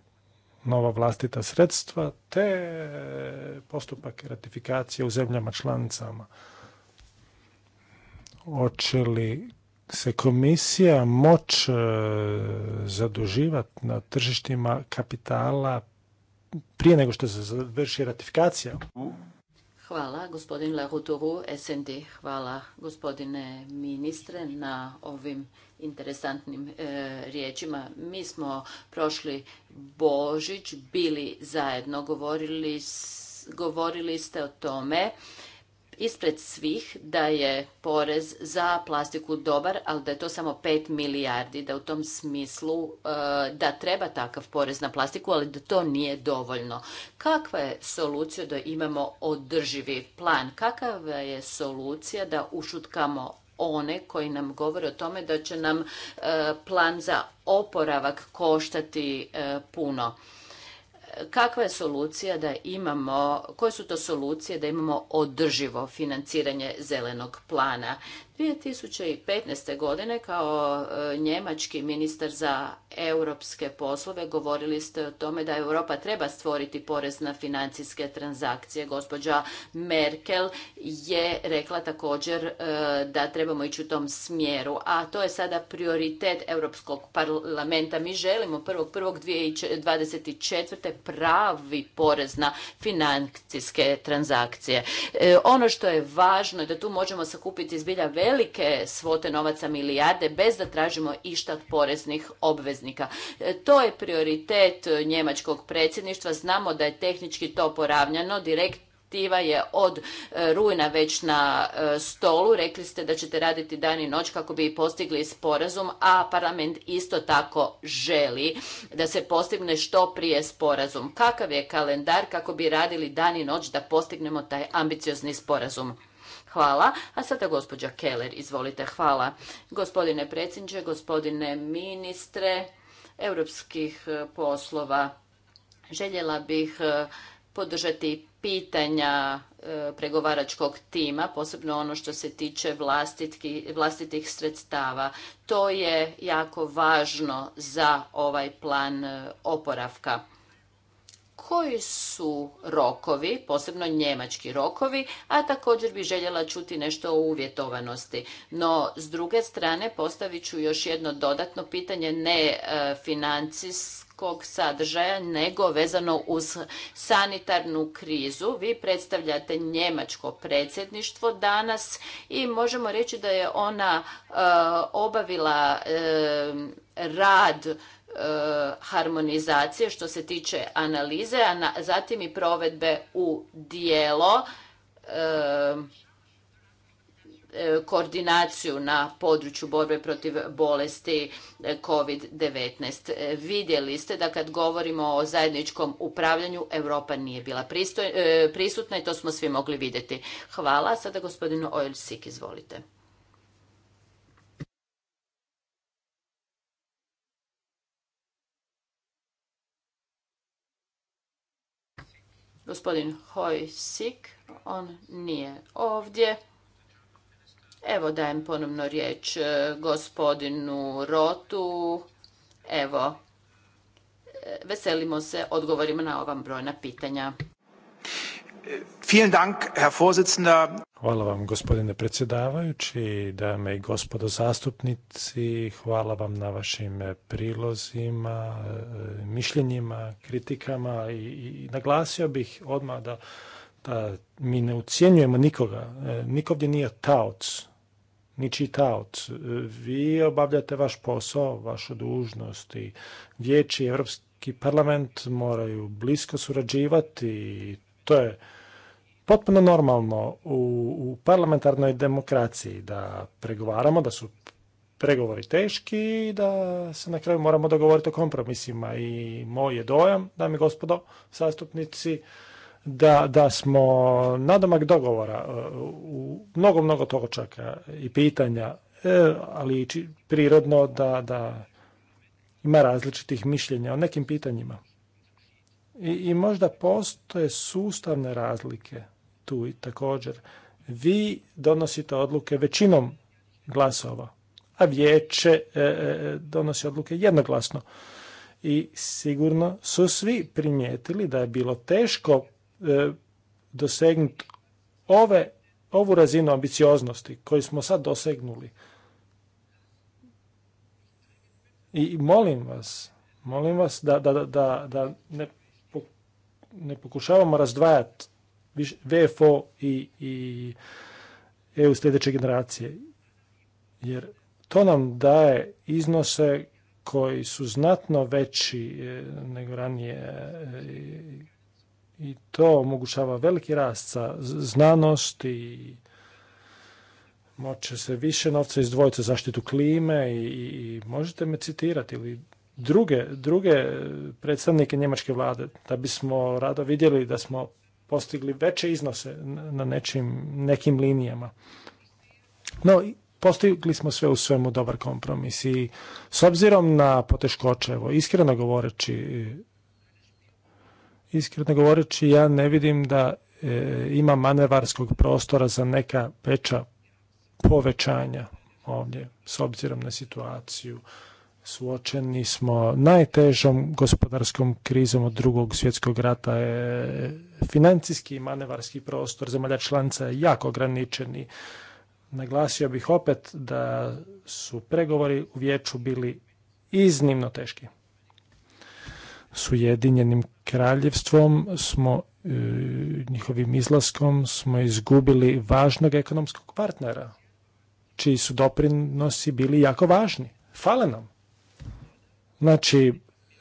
nova vlastita sredstva te postupak ratifikacije u zemljama članicama. Hoće li se komisija moć e, zaduživati na tržištima kapitala prije nego što se završi ratifikacija? Hvala gospodin Lahuturu, SND. Hvala gospodine ministre na ovim interesantnim e, riječima. Mi smo prošli Božić, bili zajedno, govorili, govorili ste o tome ispred svih da je porez za plastiku dobar, ali da je to samo 5 milijardi, da u tom smislu e, da treba takav porez na plastiku, ali da to nije dovoljno. Kakva je solucija da imamo održivi plan? Kakva je solucija da ušutkamo one koji nam govore o tome da će nam e, plan za oporavak koštati e, puno? kakva je solucija da imamo, koje su to solucije da imamo održivo financiranje zelenog plana. 2015. godine kao e, njemački ministar za europske poslove govorili ste o tome da Europa treba stvoriti porez na financijske transakcije. Gospođa Merkel je rekla također e, da trebamo ići u tom smjeru, a to je sada prioritet Europskog parlamenta. Mi želimo 1.1.2024. pravi porez na financijske transakcije. E, ono što je važno je da tu možemo sakupiti zbilja velike svote novaca milijarde bez da tražimo išta od poreznih obveznika. E, to je prioritet e, njemačkog predsjedništva. Znamo da je tehnički to poravnjano, direktiva je od e, rujna već na stolu. Rekli ste da ćete raditi dan i noć kako bi postigli sporazum, a parlament isto tako želi da se postigne što prije sporazum. Kakav je kalendar kako bi radili dan i noć da postignemo taj ambiciozni sporazum? Hvala. A sada gospođa Keller, izvolite. Hvala. Gospodine predsjedniče, gospodine ministre europskih e, poslova, željela bih e, podržati pitanja e, pregovaračkog tima, posebno ono što se tiče vlastitih sredstava. To je jako važno za ovaj plan oporavka koji su rokovi, posebno njemački rokovi, a također bi željela čuti nešto o uvjetovanosti. No, s druge strane, postavit ću još jedno dodatno pitanje, ne e, financijsko, kog sadržaja nego vezano uz sanitarnu krizu. Vi predstavljate njemačko predsjedništvo danas i možemo reći da je ona e, obavila e, rad e, harmonizacije što se tiče analize, a zatim i provedbe u dijelo koordinaciju na području borbe protiv bolesti e, COVID-19. E, vidjeli ste da kad govorimo o zajedničkom upravljanju, Europa nije bila e, prisutna i to smo svi mogli vidjeti. Hvala. Sada gospodinu Oelsik, izvolite. Gospodin Hojsik, on nije ovdje. Evo dajem ponovno riječ e, gospodinu Rotu. Evo, e, veselimo se odgovorima na ovam brojna pitanja. Hvala vam gospodine predsjedavajući, dame i gospodo zastupnici, hvala vam na vašim prilozima, e, mišljenjima, kritikama i, naglasio bih odmah da, mi ne ucjenjujemo nikoga, Nikovdje nije taoc ni čitaoc. Vi obavljate vaš posao, vašu dužnost i vijeći Europski parlament moraju blisko surađivati i to je potpuno normalno u parlamentarnoj demokraciji da pregovaramo, da su pregovori teški i da se na kraju moramo dogovoriti o kompromisima. I moj je dojam, dame i gospodo, zastupnici, da, da smo nadomak dogovora e, u mnogo, mnogo toga i pitanja, e, ali prirodno da, da ima različitih mišljenja o nekim pitanjima. I, I možda postoje sustavne razlike tu i također. Vi donosite odluke većinom glasova, a vijeće e, donosi odluke jednoglasno. I sigurno su svi primijetili da je bilo teško E, dosegnuti ove, ovu razinu ambicioznosti koju smo sad dosegnuli. I molim vas, molim vas da, da, da, da ne, ne pokušavamo razdvajati VFO i, i EU sljedeće generacije. Jer to nam daje iznose koji su znatno veći e, nego ranije e, i to omogućava veliki rast sa znanosti i moće se više novca izdvojiti za zaštitu klime i, i možete me citirati ili druge, druge predstavnike njemačke vlade da bismo rado vidjeli da smo postigli veće iznose na nečim, nekim linijama. No, postigli smo sve u svemu dobar kompromis i s obzirom na poteškoće, evo, iskreno govoreći, Iskreno govoreći, ja ne vidim da e, ima manevarskog prostora za neka veća povećanja ovdje s obzirom na situaciju. Suočeni smo najtežom gospodarskom krizom od drugog svjetskog rata. je financijski i manevarski prostor zemalja članca je jako ograničeni. Naglasio bih opet da su pregovori u vijeću bili iznimno teški s Ujedinjenim kraljevstvom smo e, njihovim izlaskom smo izgubili važnog ekonomskog partnera čiji su doprinosi bili jako važni. Fale nam. Znači,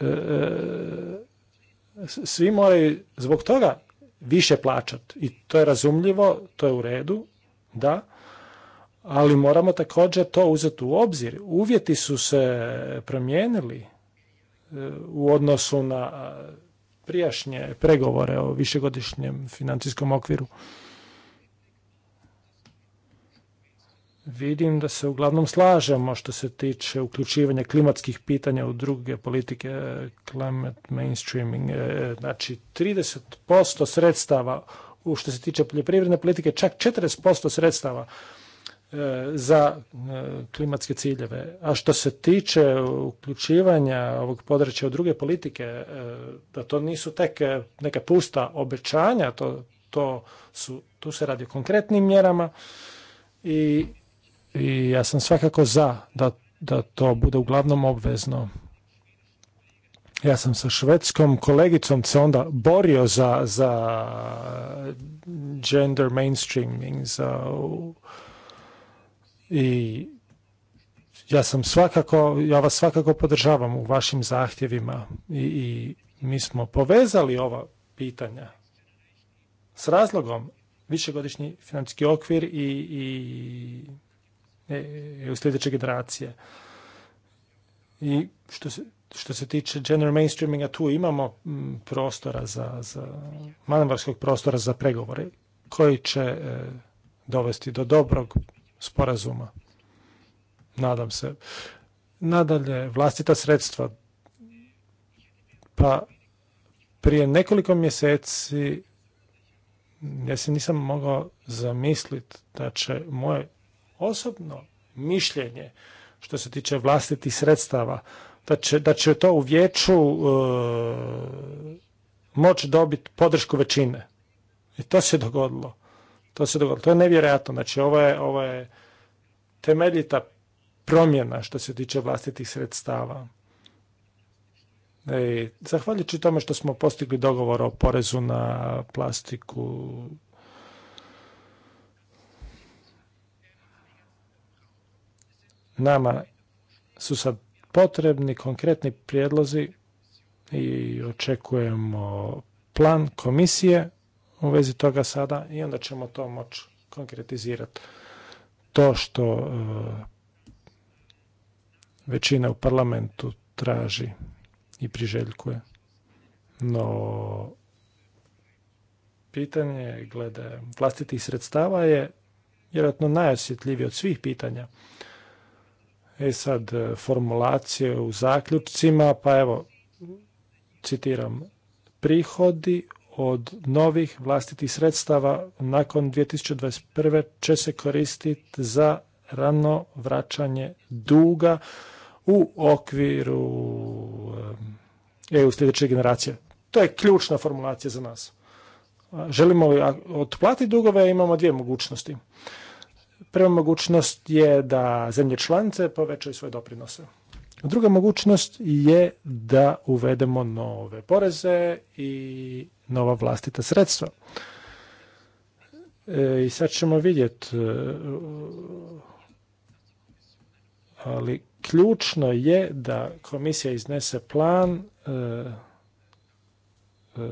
e, e, svi moraju zbog toga više plaćati i to je razumljivo, to je u redu, da, ali moramo također to uzeti u obzir. Uvjeti su se promijenili u odnosu na prijašnje pregovore o višegodišnjem financijskom okviru. Vidim da se uglavnom slažemo što se tiče uključivanja klimatskih pitanja u druge politike e, climate mainstreaming. E, e, znači 30% sredstava u što se tiče poljoprivredne politike, čak 40% sredstava E, za e, klimatske ciljeve. A što se tiče uključivanja ovog područja u druge politike, e, da to nisu tek neka pusta obećanja, to, to su, tu se radi o konkretnim mjerama i, i ja sam svakako za da, da to bude uglavnom obvezno. Ja sam sa švedskom kolegicom se onda borio za, za gender mainstreaming, za i ja sam svakako, ja vas svakako podržavam u vašim zahtjevima i, i mi smo povezali ova pitanja s razlogom višegodišnji financijski okvir i, i, e, e, u sljedeće generacije. I što se, što se tiče general mainstreaminga, tu imamo prostora za, za manevarskog prostora za pregovore koji će e, dovesti do dobrog sporazuma. Nadam se. Nadalje, vlastita sredstva. Pa prije nekoliko mjeseci ja se nisam mogao zamisliti da će moje osobno mišljenje što se tiče vlastitih sredstava, da će, da će to u vijeću e, moći dobiti podršku većine. I to se dogodilo. To se dogodilo. To je nevjerojatno. Znači, ovo je, ovo je temeljita promjena što se tiče vlastitih sredstava. E, zahvaljujući tome što smo postigli dogovor o porezu na plastiku, nama su sad potrebni konkretni prijedlozi i očekujemo plan komisije u vezi toga sada i onda ćemo to moći konkretizirati. To što e, većina u parlamentu traži i priželjkuje. No, pitanje glede vlastitih sredstava je vjerojatno najosjetljivije od svih pitanja. E sad, e, formulacije u zaključcima, pa evo, citiram, prihodi od novih vlastitih sredstava nakon 2021. će se koristiti za rano vraćanje duga u okviru eh, EU sljedeće generacije. To je ključna formulacija za nas. Želimo li otplatiti dugove, imamo dvije mogućnosti. Prva mogućnost je da zemlje članice povećaju svoje doprinose. Druga mogućnost je da uvedemo nove poreze i nova vlastita sredstva. E, I sad ćemo vidjeti, e, ali ključno je da komisija iznese plan e,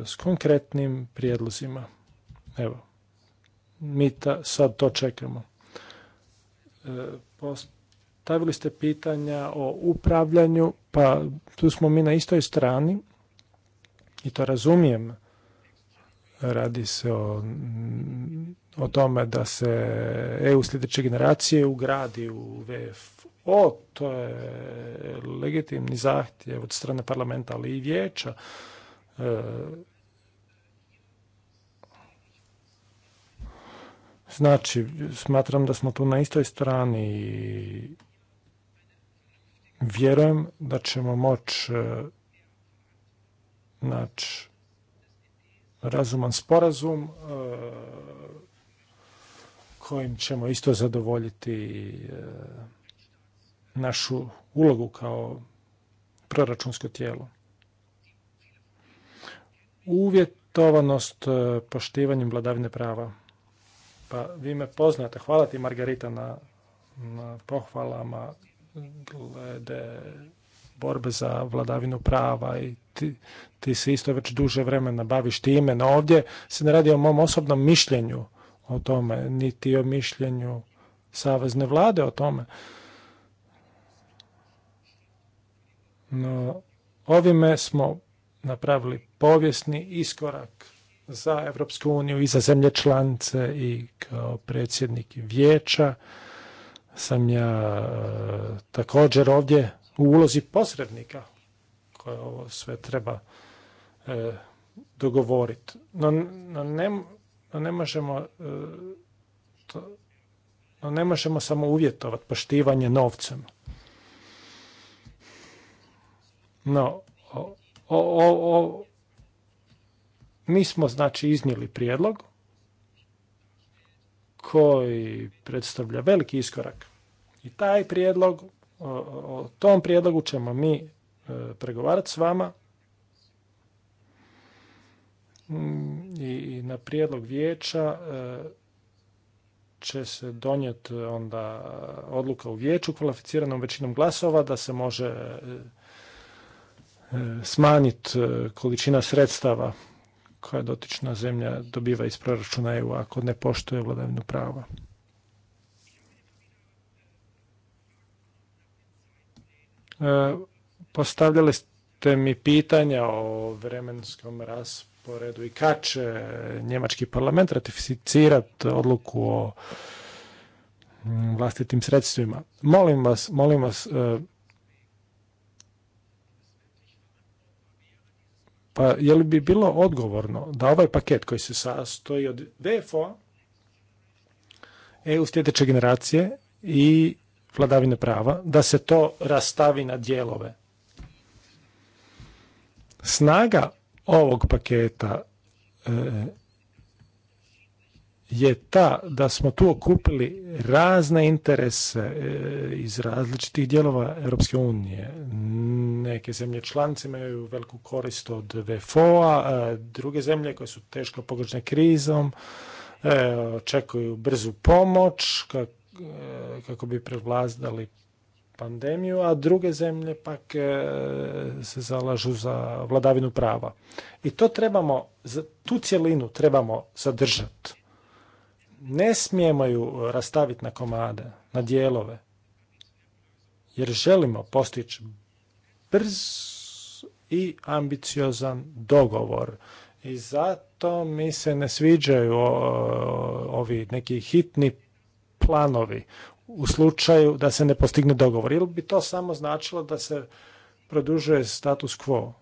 s konkretnim prijedlozima. Evo, mi sad to čekamo. Stavili ste pitanja o upravljanju, pa tu smo mi na istoj strani i to razumijem. Radi se o, tome da se EU sljedeće generacije ugradi u VFO, to je legitimni zahtjev od strane parlamenta, ali i vijeća. E, znači, smatram da smo tu na istoj strani i Vjerujem da ćemo moći e, naći razuman sporazum e, kojim ćemo isto zadovoljiti e, našu ulogu kao proračunsko tijelo. Uvjetovanost poštivanjem vladavine prava. Pa vi me poznate. Hvala ti Margarita na pohvalama glede borbe za vladavinu prava i ti, ti se isto već duže vremena baviš time. No ovdje se ne radi o mom osobnom mišljenju o tome, niti o mišljenju savezne vlade o tome. No, ovime smo napravili povijesni iskorak za Europsku uniju i za zemlje članice i kao predsjednik vijeća sam ja e, također ovdje u ulozi posrednika koje ovo sve treba e, dogovoriti. No, ne, možemo e, ne možemo samo uvjetovati poštivanje novcem. No, mi smo znači iznijeli prijedlog koji predstavlja veliki iskorak. I taj prijedlog, o, tom prijedlogu ćemo mi e, pregovarati s vama mm, i na prijedlog vijeća e, će se donijeti onda odluka u vijeću kvalificiranom većinom glasova da se može e, smanjiti količina sredstava koja dotična zemlja dobiva iz proračuna EU ako ne poštuje vladavinu prava. E, postavljali ste mi pitanja o vremenskom rasporedu i kad će njemački parlament ratificirati odluku o vlastitim sredstvima. Molim vas, molim vas, e, Pa je li bi bilo odgovorno da ovaj paket koji se sastoji od VFO, EU sljedeće generacije i vladavine prava, da se to rastavi na dijelove? Snaga ovog paketa e, je ta da smo tu okupili razne interese e, iz različitih dijelova Europske unije. Neke zemlje članice imaju veliku korist od VFO-a, e, druge zemlje koje su teško pogođene krizom e, očekuju brzu pomoć kako bi prevlazdali pandemiju, a druge zemlje pak se zalažu za vladavinu prava. I to trebamo, tu cjelinu trebamo zadržati ne smijemo ju e, rastaviti na komade, na dijelove, jer želimo postići brz i ambiciozan dogovor. I zato mi se ne sviđaju ovi neki hitni planovi u slučaju da se ne postigne dogovor. Ili bi to samo značilo da se produžuje status quo?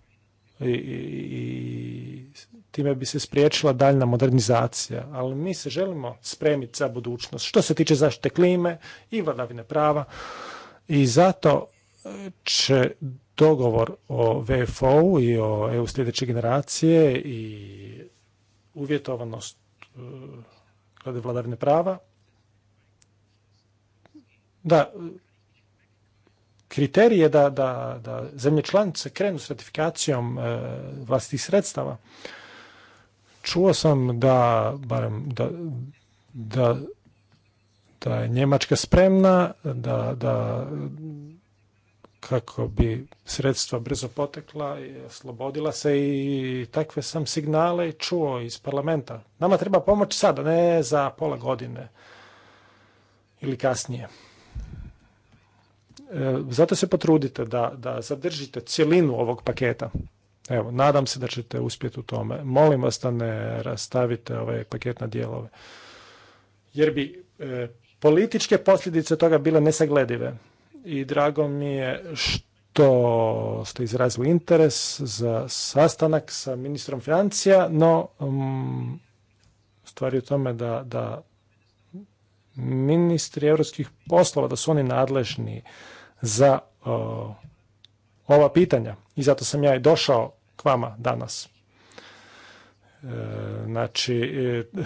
i, i time bi se spriječila daljna modernizacija. Ali mi se želimo spremiti za budućnost što se tiče zaštite klime i vladavine prava i zato e, će dogovor o vfo i o EU sljedeće generacije i uvjetovanost e, glede vladavine prava. Da, kriterije da, da, da zemlje članice krenu s ratifikacijom e, sredstava. Čuo sam da, barem, da, da, da je Njemačka spremna, da, da kako bi sredstva brzo potekla, i slobodila se i takve sam signale čuo iz parlamenta. Nama treba pomoć sada, ne za pola godine ili kasnije. E, zato se potrudite da, da zadržite cjelinu ovog paketa. Evo, nadam se da ćete uspjeti u tome. Molim vas da ne rastavite ovaj paket na dijelove. Jer bi e, političke posljedice toga bile nesagledive. I drago mi je što ste izrazili interes za sastanak sa ministrom financija, no um, mm, stvari u tome da, da ministri europskih poslova, da su oni nadležni za ova pitanja i zato sam ja i došao k vama danas. E, znači, e,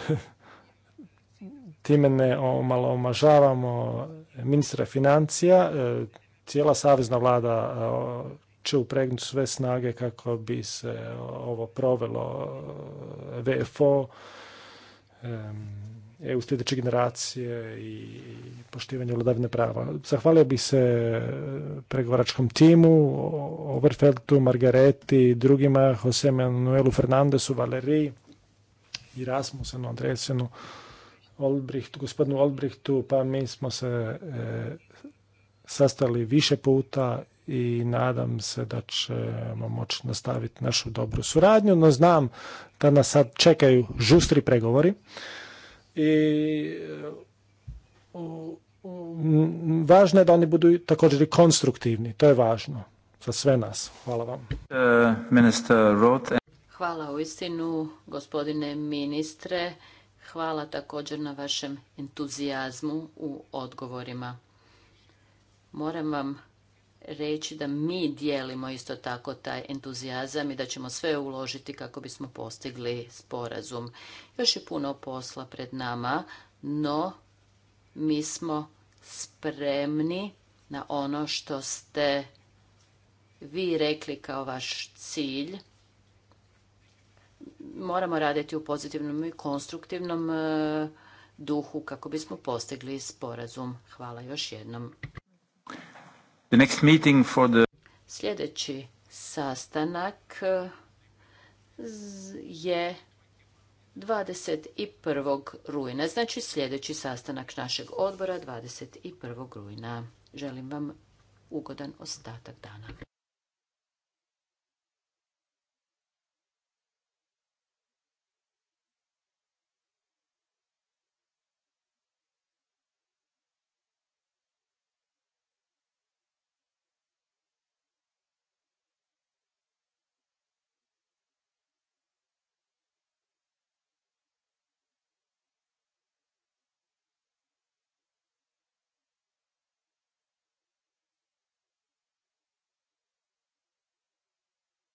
time ne omažavamo ministra financija, e, cijela savezna vlada e, će upregnuti sve snage kako bi se ovo provelo VFO, e, EU sljedeće generacije i poštivanje vladavine prava. Zahvalio bih se e, pregovaračkom timu, Overfeltu, Margareti, drugima, Jose Manuelu Fernandesu, Valeriji, i Rasmusenu, Andresenu, Olbrichtu, gospodinu Olbrichtu, pa mi smo se e, sastali više puta i nadam se da ćemo moći nastaviti našu dobru suradnju, no znam da nas sad čekaju žustri pregovori i e, važno je da oni budu također i konstruktivni. To je važno za sve nas. Hvala vam. E, Hvala u istinu, gospodine ministre. Hvala također na vašem entuzijazmu u odgovorima. Moram vam reći da mi dijelimo isto tako taj entuzijazam i da ćemo sve uložiti kako bismo postigli sporazum. Još je puno posla pred nama, no mi smo spremni na ono što ste vi rekli kao vaš cilj. Moramo raditi u pozitivnom i konstruktivnom eh, duhu kako bismo postigli sporazum. Hvala još jednom meeting Sljedeći sastanak e, je 21. rujna, znači sljedeći sastanak našeg odbora 21. rujna. Želim vam ugodan ostatak dana.